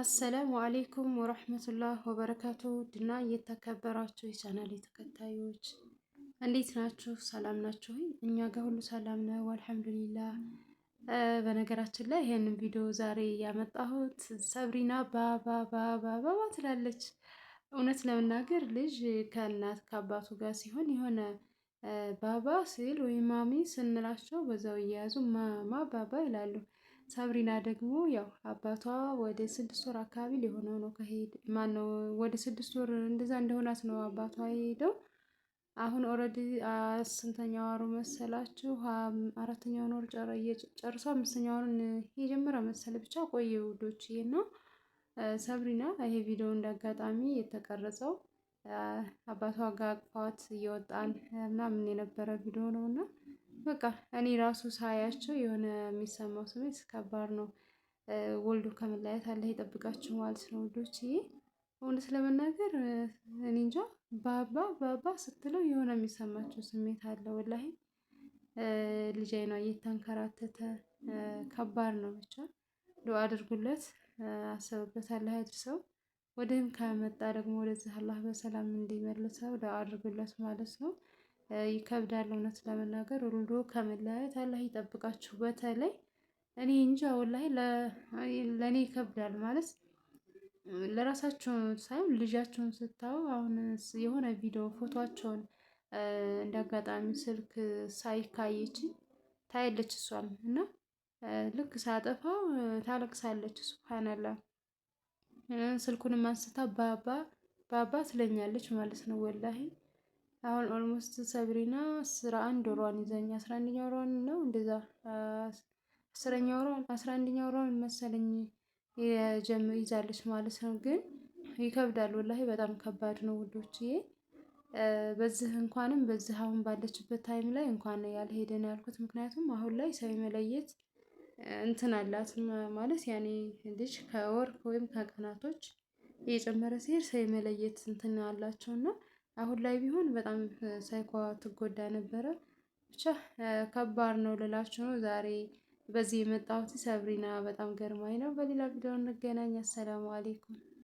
አሰላሙ አሌይኩም ወረህመቱላህ ወበረካቱ ድና እየተከበራችሁ የቻናል ተከታዮች እንዴት ናችሁ? ሰላም ናችሁ? እኛ ጋር ሁሉ ሰላም ነው አልሐምዱሊላህ። በነገራችን ላይ ይህንን ቪዲዮ ዛሬ ያመጣሁት ሰብሪና ባባባባባ ትላለች። እውነት ለመናገር ልጅ ከእናት ከአባቱ ጋር ሲሆን የሆነ ባባ ስል ወይም ማሚ ስንላቸው በዛው እየያዙ ማማ ባባ ይላሉ። ሰብሪና ደግሞ ያው አባቷ ወደ ስድስት ወር አካባቢ ሊሆነው ነው ከሄድ ማን ነው ወደ ስድስት ወር እንደዛ እንደሆናት ነው አባቷ የሄደው። አሁን ኦልሬዲ ስንተኛ ወሩ መሰላችሁ? አራተኛውን ወር ጨርሶ አምስተኛ ወሩን የጀመረ መሰል ብቻ ቆየ ውዶች ይሄ ነው ሰብሪና ይሄ ቪዲዮ እንዳጋጣሚ የተቀረጸው አባቷ ጋር አቅፋት እየወጣን ምናምን የነበረ ቪዲዮ ነው እና በቃ እኔ ራሱ ሳያቸው የሆነ የሚሰማው ስሜት ከባድ ነው። ወልዶ ከመለያየት አላህ ይጠብቃችሁ ማለት ነው ውዶች። ይሄ እውነት ለመናገር እኔ እንጃ ባባ ባባ ስትለው የሆነ የሚሰማቸው ስሜት አለ። ወላሂ ልጄ ነው እየተንከራተተ ከባድ ነው። ብቻ ዱአ አድርጉለት፣ አሰብበት፣ አላህ ያድርሰው። ወደህም ከመጣ ደግሞ ወደዚህ አላህ በሰላም እንዲመልሰው ዱአ አድርጉለት ማለት ነው። ይከብዳል። እውነት ለመናገር ሩዶ ከመለያየት አላህ ይጠብቃችሁ። በተለይ እኔ እንጃ ወላሂ ለእኔ ይከብዳል ማለት ለራሳችሁ ሳይሆን ልጃችሁን ስታዩ አሁን የሆነ ቪዲዮ ፎቶቸውን እንዳጋጣሚ ስልክ ሳይካይች ታያለች እሷም እና ልክ ሳጠፋው ታለቅሳለች። ሱብሃናላ ስልኩንም አንስታ ባባ ባባ ትለኛለች ማለት ነው ወላሂ አሁን ኦልሞስት ሰብሪና አስራ አንድ ወሯን ይዘኝ አስራ አንደኛ ወሯን ነው እንደዛ አስረኛ ወሯን አስራ አንደኛ ወሯን መሰለኝ የጀምር ይዛለች ማለት ነው። ግን ይከብዳል፣ ወላሂ በጣም ከባድ ነው ውዶችዬ። በዚህ እንኳንም በዚህ አሁን ባለችበት ታይም ላይ እንኳን ያልሄደን ያልኩት። ምክንያቱም አሁን ላይ ሰው የመለየት እንትን አላት ማለት ያኔ ልጅ ከወር ወይም ከቀናቶች እየጨመረ ሲሄድ ሰው የመለየት እንትን አላቸውና አሁን ላይ ቢሆን በጣም ሳይኳ ትጎዳ ነበረ። ብቻ ከባድ ነው ልላችሁ ነው ዛሬ በዚህ የመጣሁት። ሰብሪና በጣም ገርማኝ ነው። በሌላ ቪዲዮ እንገናኝ። አሰላሙ አሌይኩም